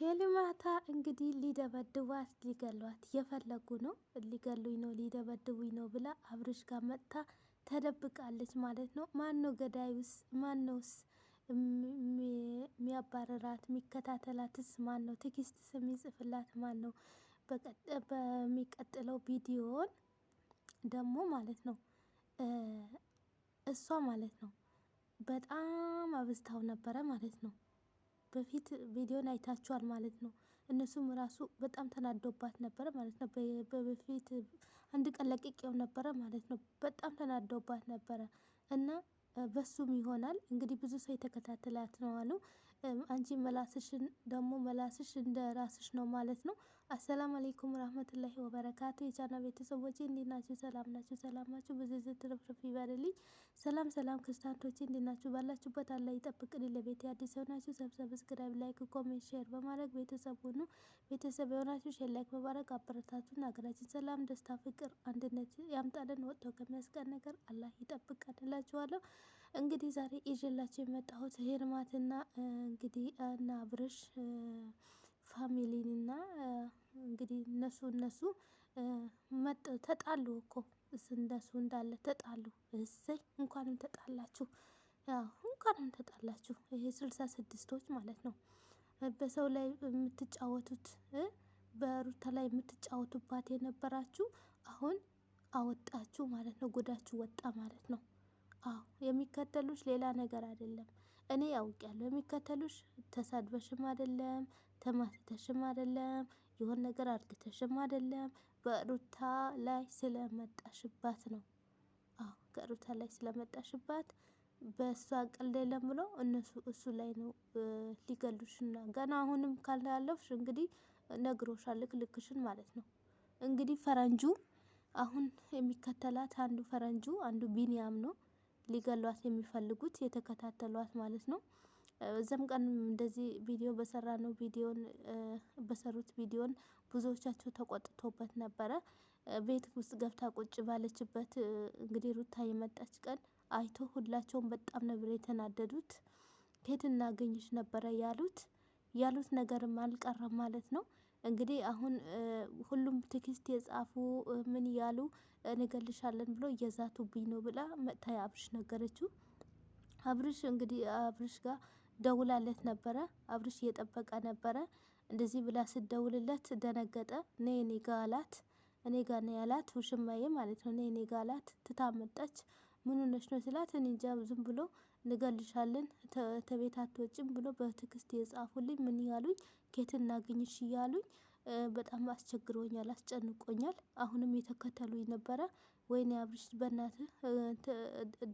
ሄልማታ እንግዲህ ሊደበድቧት ሊገሏት የፈለጉ ነው። ሊገሉኝ ነው ሊደበድቡኝ ነው ብላ አብርሽ ጋር መጥታ ተደብቃለች ማለት ነው። ማን ነው ገዳዩስ? ማን ነውስ የሚያባረራት? የሚከታተላትስ ማን ነው? ትግስትስ የሚጽፍላት ማን ነው? በሚቀጥለው ቪዲዮን ደግሞ ማለት ነው እሷ ማለት ነው በጣም አብዝታው ነበረ ማለት ነው። በፊት ቪዲዮን አይታችኋል ማለት ነው። እነሱም ራሱ በጣም ተናዶባት ነበረ ማለት ነው። በፊት አንድ ቀን ለቅቄው ነበረ ማለት ነው። በጣም ተናዶባት ነበረ እና በሱም ይሆናል እንግዲህ ብዙ ሰው የተከታተላት ነው አሉ። አንቺ መላስሽን ደግሞ መላስሽ እንደ ራስሽ ነው ማለት ነው አሰላም አለይኩም ረህመቱላሂ ወበረካቱ የቻና ቤተሰቦች እንዴት ናችሁ? ሰላም ናችሁ? ሰላም ናችሁ? ብዙ ትርፍርፍ ይበልልኝ። ሰላም ሰላም ክርስቲያኖች እንዴት ናችሁ? ባላችሁበት አላህ ይጠብቅልኝ። ለቤት አዲስ የሆናችሁ ሰብስክራይብ፣ ላይክ፣ ኮሜንት፣ ሼር በማድረግ ቤተሰብ ሁኑ። ቤተሰብ የሆናችሁ ሼር፣ ላይክ በማድረግ አበረታቱን። ሀገራችን ሰላም፣ ደስታ፣ ፍቅር፣ አንድነት ያምጣልን። ወጥቶ ከሚያስቀር ነገር አላህ ይጠብቀን እላችኋለሁ። እንግዲህ ዛሬ ይዤላችሁ የመጣሁት ሄርማትና እንግዲህ እና ብርሽ እና እንግዲህ እነሱ እነሱ ተጣሉ እኮ እነሱ እንዳለ ተጣሉ። እሰይ እንኳንም ተጣላችሁ፣ እንኳንም ተጣላችሁ። ይሄ ስልሳ ስድስቶች ማለት ነው። በሰው ላይ የምትጫወቱት በሩታ ላይ የምትጫወቱባት የነበራችሁ አሁን አወጣችሁ ማለት ነው። ጉዳችሁ ወጣ ማለት ነው። አዎ የሚከተሉሽ ሌላ ነገር አይደለም። እኔ ያውቅ ያለው የሚከተሉሽ ተሳድበሽም አይደለም ተማትተሽም አይደለም የሆነ ነገር አድርግተሽም አይደለም። በሩታ ላይ ስለመጣሽባት ነው። አዎ ከሩታ ላይ ስለመጣሽባት በእሷ ቀልድ የለም ብሎ እነሱ እሱ ላይ ነው ሊገሉሽና ገና አሁንም ካላለፍሽ እንግዲህ ነግሮሻል፣ ልክ ልክሽን ማለት ነው። እንግዲህ ፈረንጁ አሁን የሚከተላት አንዱ ፈረንጁ አንዱ ቢኒያም ነው ሊገሏት የሚፈልጉት የተከታተሏት ማለት ነው። እዛም ቀን እንደዚህ ቪዲዮ በሰራ ነው ቪዲዮን በሰሩት ቪዲዮን ብዙዎቻቸው ተቆጥቶበት ነበረ። ቤት ውስጥ ገብታ ቁጭ ባለችበት እንግዲህ ሩታ የመጣች ቀን አይቶ ሁላቸውም በጣም ነበር የተናደዱት። ከየት እናገኝሽ ነበረ ያሉት ያሉት ነገርም አልቀረም ማለት ነው። እንግዲህ አሁን ሁሉም ቴክስት የጻፉ ምን እያሉ እንገልሻለን ብሎ እየዛቱብኝ ነው ብላ መጥታ አብርሽ ነገረችው። አብርሽ እንግዲህ አብርሽ ጋር ደውላለት ነበረ። አብርሽ እየጠበቀ ነበረ። እንደዚህ ብላ ስደውልለት ደነገጠ። ነይ እኔ ጋ አላት። እኔ ጋ ነው ያላት ውሽማዬ ማለት ነው። ነይ እኔ ጋ አላት። ትታመጣች ምን ሆነሽ ነው ስላት እኔ እንጃ ዝም ብሎ እንገልሻለን ተቤት አትወጭም ብሎ በትክስት የጻፉልኝ ምን ያሉኝ ኬት እናገኝሽ እያሉኝ በጣም አስቸግሮኛል፣ አስጨንቆኛል። አሁንም የተከተሉኝ ነበረ። ወይኔ አብርሽ በእናትህ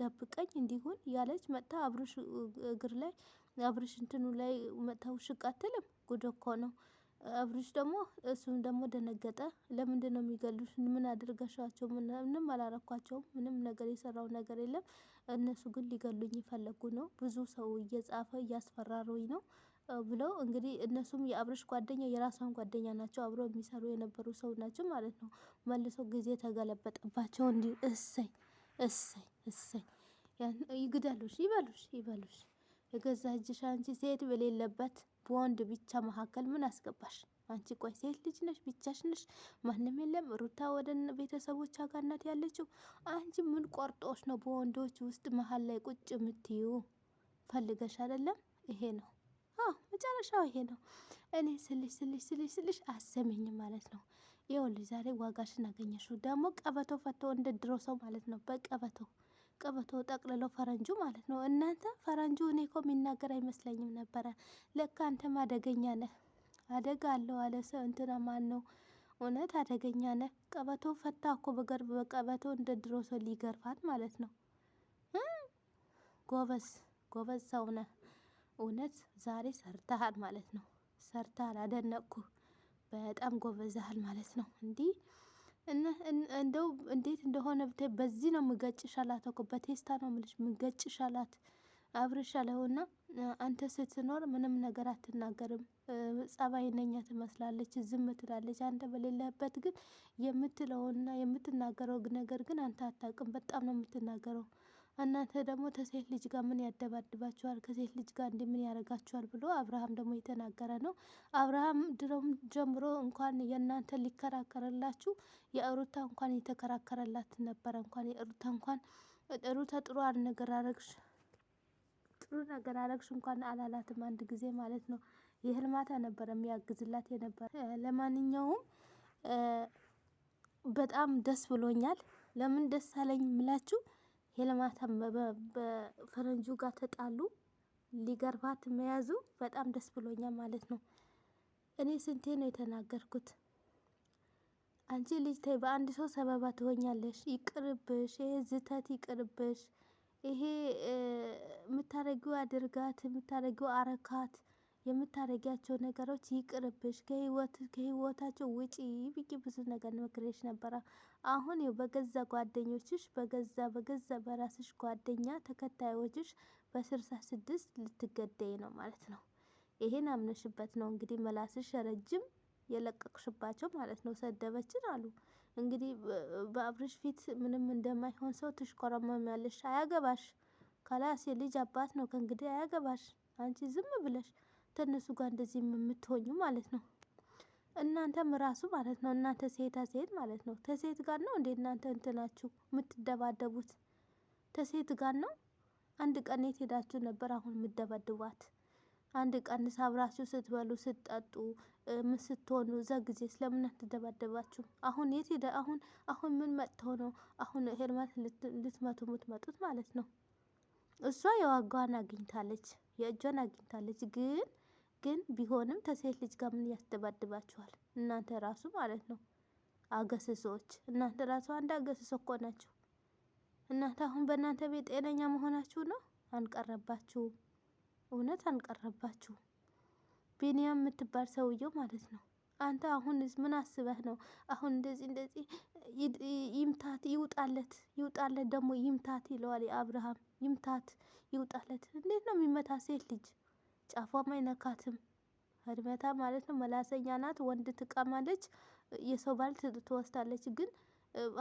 ደብቀኝ እንዲሁን ያለች መጥታ አብርሽ እግር ላይ አብርሽ እንትኑ ላይ መጥተው ሽቅ አትልም? ጉድ እኮ ነው። አብርሽ ደግሞ እሱም ደግሞ ደነገጠ። ለምንድን ነው የሚገሉሽ? ምን አድርገሻቸው? ምንም አላረኳቸውም። ምንም ነገር የሰራው ነገር የለም። እነሱ ግን ሊገሉኝ የፈለጉ ነው። ብዙ ሰው እየጻፈ እያስፈራሩኝ ነው ብለው እንግዲህ እነሱም የአብርሽ ጓደኛ የራሷን ጓደኛ ናቸው። አብረው የሚሰሩ የነበሩ ሰው ናቸው ማለት ነው። መልሰው ጊዜ ተገለበጠባቸው። እንዲህ እሰይ እሰይ እሰይ ይግደሉሽ፣ ይበሉሽ፣ ይበሉሽ የገዛ እጅሽ አንቺ ሴት በሌለበት በወንድ ብቻ መካከል ምን አስገባሽ? አንቺ ቆይ ሴት ልጅ ነሽ፣ ብቻሽ ነሽ፣ ማንም የለም። ሩታ ወደ ቤተሰቦች ጋር ያለችው። አንቺ ምን ቆርጦች ነው በወንዶች ውስጥ መሀል ላይ ቁጭ የምትዩ? ፈልገሽ አይደለም። ይሄ ነው መጨረሻው፣ ይሄ ነው። እኔ ስልሽ ስልሽ ስልሽ ስልሽ አሰሚኝ ማለት ነው። ይኸውልሽ ዛሬ ዋጋሽን አገኘሽው። ደግሞ ቀበቶ ፈቶ እንደ ድሮ ሰው ማለት ነው በቀበቶ በቀበቶ ጠቅልሎ ፈረንጁ ማለት ነው። እናንተ ፈረንጁ እኔ ኮ የሚናገር አይመስለኝም ነበረ። ለካ አንተም አደገኛ ነህ። አደጋ አለው አለ ሰው እንትና ማን ነው? እውነት አደገኛ ነህ። ቀበቶ ፈታ ኮ በገርብ በቀበቶ እንደ ድሮ ሰው ሊገርፋት ማለት ነው። ጎበዝ ጎበዝ ሰው ነህ። እውነት ዛሬ ሰርተሃል ማለት ነው። ሰርተሃል፣ አደነቅኩ። በጣም ጎበዛሃል ማለት ነው እንዲህ እንደው እንዴት እንደሆነ ብታይ በዚህ ነው ምገጭሽ አላት እኮ በቴስታ ነው ምልሽ ምገጭሽ አላት። አብርሻለሁና አንተ ስትኖር ምንም ነገር አትናገርም፣ ጸባይነኛ ትመስላለች፣ ዝም ትላለች። አንተ በሌለህበት ግን የምትለውና የምትናገረው ነገር ግን አንተ አታውቅም። በጣም ነው የምትናገረው እናንተ ደግሞ ከሴት ልጅ ጋር ምን ያደባድባችኋል? ከሴት ልጅ ጋር እንዲህ ምን ያደርጋችኋል? ብሎ አብርሃም ደግሞ የተናገረ ነው። አብርሃም ድሮም ጀምሮ እንኳን የእናንተ ሊከራከርላችሁ የእሩታ እንኳን የተከራከረላት ነበረ። እንኳን የእሩታ እንኳን ሩታ ጥሩ አረግሽ ጥሩ ነገር አረግሽ እንኳን አላላትም። አንድ ጊዜ ማለት ነው የህልማታ ነበረ የሚያግዝላት የነበረ። ለማንኛውም በጣም ደስ ብሎኛል። ለምን ደስ አለኝ ምላችሁ ሄለማታ በፈረንጁ ጋር ተጣሉ። ሊገርባት መያዙ በጣም ደስ ብሎኛ ማለት ነው። እኔ ስንቴ ነው የተናገርኩት? አንቺ ልጅ ተይ፣ በአንድ ሰው ሰበባ ትሆኛለሽ። ይቅርብሽ፣ ይሄ ዝተት ይቅርብሽ። ይሄ የምታረጊው አድርጋት፣ የምታረጊው አረካት የምታደርጊያቸው ነገሮች ይቅርብሽ፣ ከህይወት ከህይወታቸው ውጪ ብዬ ብዙ ነገር መክሬሽ ነበረ። አሁን ይኸው በገዛ ጓደኞችሽ በገዛ በገዛ በራስሽ ጓደኛ ተከታዮችሽ በስልሳ ስድስት ልትገደይ ነው ማለት ነው። ይሄን አምነሽበት ነው እንግዲህ መላስሽ ረጅም የለቀቅሽባቸው ማለት ነው። ሰደበችን አሉ እንግዲህ በአብርሽ ፊት ምንም እንደማይሆን ሰው ያለሽ አያገባሽ። ካላስ የልጅ አባት ነው ከእንግዲህ አያገባሽ። አንቺ ዝም ብለሽ ከእነሱ ጋር እንደዚህ የምትሆኙ ማለት ነው። እናንተም ራሱ ማለት ነው እናንተ ሴት ሴት ማለት ነው ተሴት ጋር ነው እንዴ እናንተ እንትናችሁ የምትደባደቡት ተሴት ጋር ነው። አንድ ቀን የት ሄዳችሁ ነበር አሁን የምትደባድቧት? አንድ ቀን ሳብራችሁ ስትበሉ ስትጠጡ ምን ስትሆኑ እዛ ጊዜ ስለምን አትደባደባችሁ? አሁን የት ሄደ አሁን አሁን ምን መጥተው ነው አሁን ሄርማት ልትመቱ የምትመጡት ማለት ነው። እሷ የዋጋዋን አግኝታለች የእጇን አግኝታለች ግን ግን ቢሆንም ተሴት ልጅ ጋር ምን ያስደባድባችኋል? እናንተ ራሱ ማለት ነው አገስሶች። እናንተ ራሱ አንድ አገስሶ እኮ ናችሁ። እናንተ አሁን በእናንተ ቤት ጤነኛ መሆናችሁ ነው። አንቀረባችሁም፣ እውነት አንቀረባችሁም። ቢኒያም የምትባል ሰውየው ማለት ነው። አንተ አሁንስ ምን አስበህ ነው? አሁን እንደዚህ እንደዚህ ይምታት ይውጣለት፣ ይውጣለት ደግሞ ይምታት ይለዋል። የአብርሃም ይምታት ይውጣለት። እንዴት ነው የሚመታ ሴት ልጅ? ጫፏም አይነካትም። አድመታ ማለት ነው መላሰኛ ናት። ወንድ ትቃማለች፣ የሰው ባል ትወስዳለች። ግን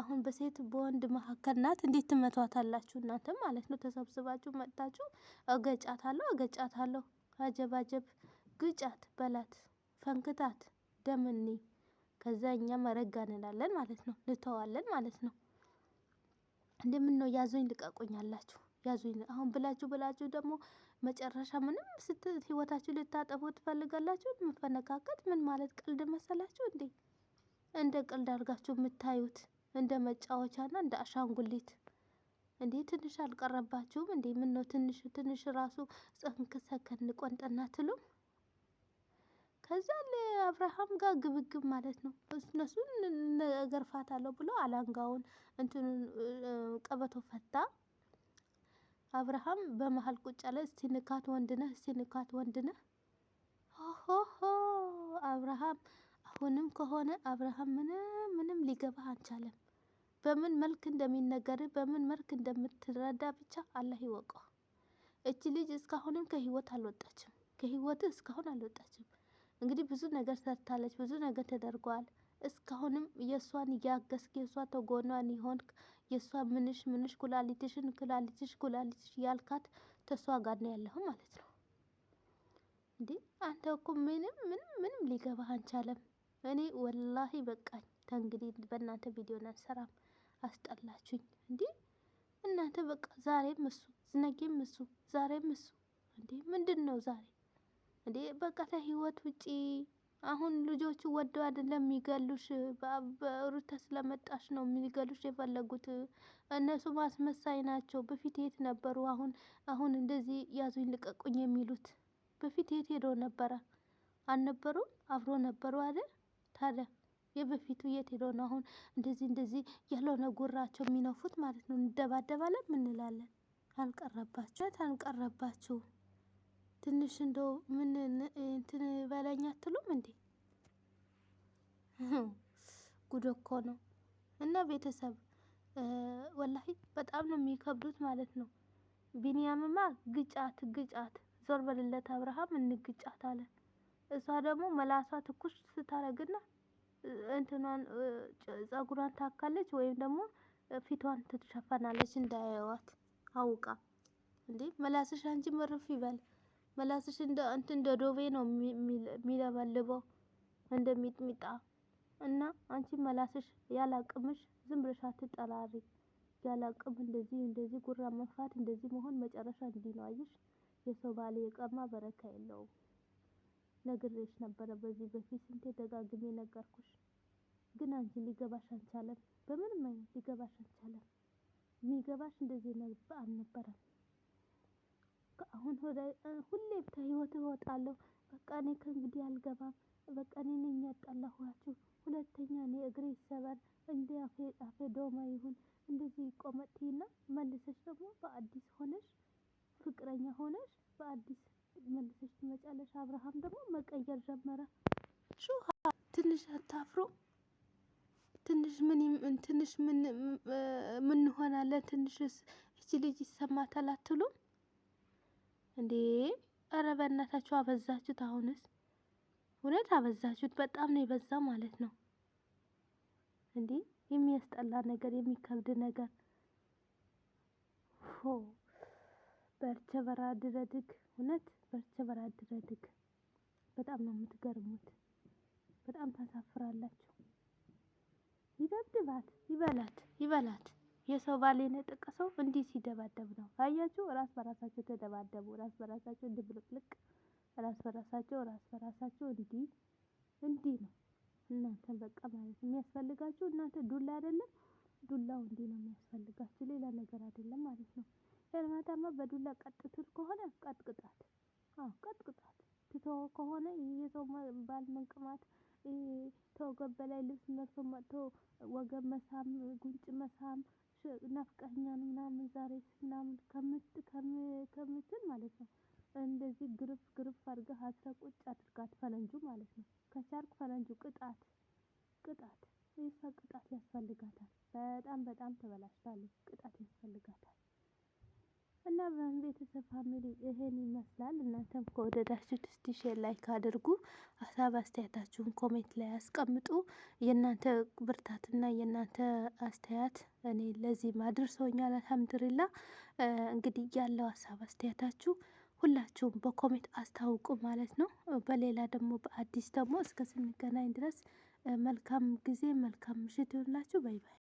አሁን በሴት በወንድ መካከል ናት። እንዴት ትመቷታላችሁ እናንተ ማለት ነው? ተሰብስባችሁ መጥታችሁ እገጫታለሁ፣ እገጫታለሁ፣ አጀብ ግጫት በላት፣ ፈንክታት፣ ደምኒ። ከዛ እኛ መረጋ እንላለን ማለት ነው፣ ልተዋለን ማለት ነው። እንደምን ነው ያዙኝ ልቀቁኝ አላችሁ። ያዙኝ። አሁን ብላችሁ ብላችሁ ደግሞ መጨረሻ ምንም ስት ህይወታችሁ ልታጠፉ ትፈልጋላችሁ። መፈነካከት ምን ማለት ቀልድ መሰላችሁ እንዴ? እንደ ቀልድ አድርጋችሁ የምታዩት እንደ መጫወቻና እንደ አሻንጉሊት እንዴ? ትንሽ አልቀረባችሁም እንዴ? ምን ነው ትንሽ ትንሽ ራሱ ጽንክ ሰከን ቆንጠና ትሉም። ከዛ ለአብርሃም ጋር ግብግብ ማለት ነው። እነሱን ፋታለሁ ብሎ አላንጋውን እንትን ቀበቶ ፈታ። አብርሃም በመሀል ቁጭ አለ። እስቲ ንካት ወንድ ነህ፣ እስቲ ንካት ወንድ ነህ። ሆሆሆ አብርሃም አሁንም ከሆነ አብርሃም ምንም ምንም ሊገባህ አልቻለም። በምን መልክ እንደሚነገር በምን መልክ እንደምትረዳ ብቻ አላህ ይወቀው። እቺ ልጅ እስካሁንም ከህይወት አልወጣችም፣ ከህይወት እስካሁን አልወጣችም። እንግዲህ ብዙ ነገር ሰርታለች፣ ብዙ ነገር ተደርጓል። እስካሁንም የእሷን እያገዝክ የእሷ ተጎኗን የሆንክ የእሷ ምንሽ ምንሽ ኩላሊትሽን ኩላሊትሽ ኩላሊትሽ ያልካት ተሷ ጋር ነው ያለሁ ማለት ነው። እንዴ አንተ እኮ ምንም ምንም ምንም ሊገባ አንቻለም። እኔ ወላሂ በቃኝ። ተንግዲህ በእናንተ ቪዲዮን አንሰራም፣ አስጠላችሁኝ። እንዴ እናንተ በቃ ዛሬም እሱ ነገም እሱ ዛሬም እሱ እንዴ ምንድን ነው ዛሬ እንዴ በቃ ከህይወት ውጪ አሁን ልጆቹ ወደው አይደለም የሚገሉሽ በሩታ ስለመጣሽ ነው የሚገሉሽ የፈለጉት። እነሱ ማስመሳይ ናቸው። በፊት የት ነበሩ? አሁን አሁን እንደዚህ ያዙኝ ልቀቁኝ የሚሉት በፊት የት ሄዶ ነበረ? አልነበሩም? አብሮ ነበሩ አይደል? ታዲያ የበፊቱ የት ሄዶ ነው? አሁን እንደዚህ እንደዚህ ያልሆነ ጉራቸው የሚነፉት ማለት ነው። እንደባደባለን ምንላለን። አልቀረባችሁት፣ አልቀረባችሁ ትንሽ እንደው ምን እንትን በለኝ አትሉም እንዴ? ጉድ እኮ ነው። እና ቤተሰብ ወላሂ በጣም ነው የሚከብዱት ማለት ነው። ቢንያምማ ግጫት ግጫት ዞር በልለት አብርሃም እንግጫት አለ። እሷ ደግሞ መላሷ ትኩስ ስታደርግና እንትኗን ጸጉሯን ታካለች ወይም ደግሞ ፊቷን ትሸፈናለች እንዳያዩዋት አውቃ። እንዴ መላስሽ አንቺ መርፍ ይበል መላስሽ እንደ አንተ እንደ ዶቤ ነው የሚለበልበው እንደ ሚጥሚጣ እና አንቺ መላስሽ ያላቅምሽ ዝም ብለሽ አትጠራሪ። ያላቅም እንደዚህ እንደዚህ ጉራ መፋት እንደዚህ መሆን መጨረሻ እንዲህ ነው። አየሽ የሰው ባል የቀማ በረካ የለውም። ነግሬሽ ነበረ በዚህ በፊት ስንቴ ደጋግሜ ነገርኩሽ፣ ግን አንቺ ሊገባሽ አልቻለም። በምንም አይነት ሊገባሽ አልቻለም። የሚገባሽ እንደዚህ አልነበረም። አሁን ወደ ሁሌም ከህይወት እወጣለሁ። በቃ እኔ ከእንግዲህ አልገባም። በቃ እኔ ነኝ ያጣላኋችሁ። ሁለተኛ እኔ እግሬ ይሰበር እንዲ አፌ አፌ ዶማ ይሁን እንደዚህ ይቆመጥና መልሰሽ ደግሞ በአዲስ ሆነሽ ፍቅረኛ ሆነሽ በአዲስ መልሰሽ ትመጫለሽ። አብርሃም ደግሞ መቀየር ጀመረ። ትንሽ አታፍሩም? ትንሽ ምን ትንሽ ምን ምን እንሆናለን? ትንሽስ እቺ ልጅ ይሰማታል አትሉም? እንዴ ኧረ በእናታችሁ አበዛችሁት። አሁንስ እውነት አበዛችሁት። በጣም ነው የበዛ ማለት ነው። እንዴ የሚያስጠላ ነገር፣ የሚከብድ ነገር ሆ በርቸ በራ ድረድግ እውነት በርቸ በራ ድረድግ። በጣም ነው የምትገርሙት። በጣም ታሳፍራላችሁ። ይደብድባት፣ ይበላት፣ ይበላት። የሰው ባሌን የጠቀሰው እንዲህ ሲደባደብ ነው። አያችሁ፣ ራስ በራሳቸው ተደባደቡ። ራስ በራሳቸው ድብልቅልቅ፣ ራስ በራሳቸው ራስ በራሳቸው እንዲህ እንዲህ ነው። እናንተ በቃ ማለት የሚያስፈልጋችሁ እናንተ ዱላ አይደለም። ዱላው እንዲህ ነው የሚያስፈልጋችሁ፣ ሌላ ነገር አይደለም ማለት ነው። እርማታማ በዱላ ቀጥቱት ከሆነ ቀጥቅጣት፣ አዎ ቀጥቅጣት። ትቶ ከሆነ የሰው ባል መንቅማት ከወገብ በላይ ልብስ መቶ ወገብ መሳም፣ ጉንጭ መሳም ናፍቀኸኛል ምናምን ዛሬ ምናምን ከምትል ማለት ነው እንደዚህ ግርፍ ግርፍ አድርገህ አስረህ ቁጭ አድርጋት ፈለንጁ ማለት ነው። ከቻርክ ፈለንጁ ቅጣት ቅጣት የእሷ ቅጣት ያስፈልጋታል። በጣም በጣም ተበላሽታለች። ቅጣት ያስፈልጋታል። እና ቤተሰብ ፋሚሊ ይሄን ይመስላል። እናንተም ከወደዳችሁ እስቲ ሼር ላይክ አድርጉ። ሀሳብ አስተያየታችሁን ኮሜንት ላይ አስቀምጡ። የእናንተ ብርታትና የእናንተ አስተያየት እኔ ለዚህ አድርሶኛል። አልሐምድሪላ እንግዲህ ያለው ሀሳብ አስተያየታችሁ ሁላችሁም በኮሜንት አስታውቁ ማለት ነው። በሌላ ደግሞ በአዲስ ደግሞ እስከ ስንገናኝ ድረስ መልካም ጊዜ መልካም ምሽት ይሁንላችሁ። ባይ ባይ።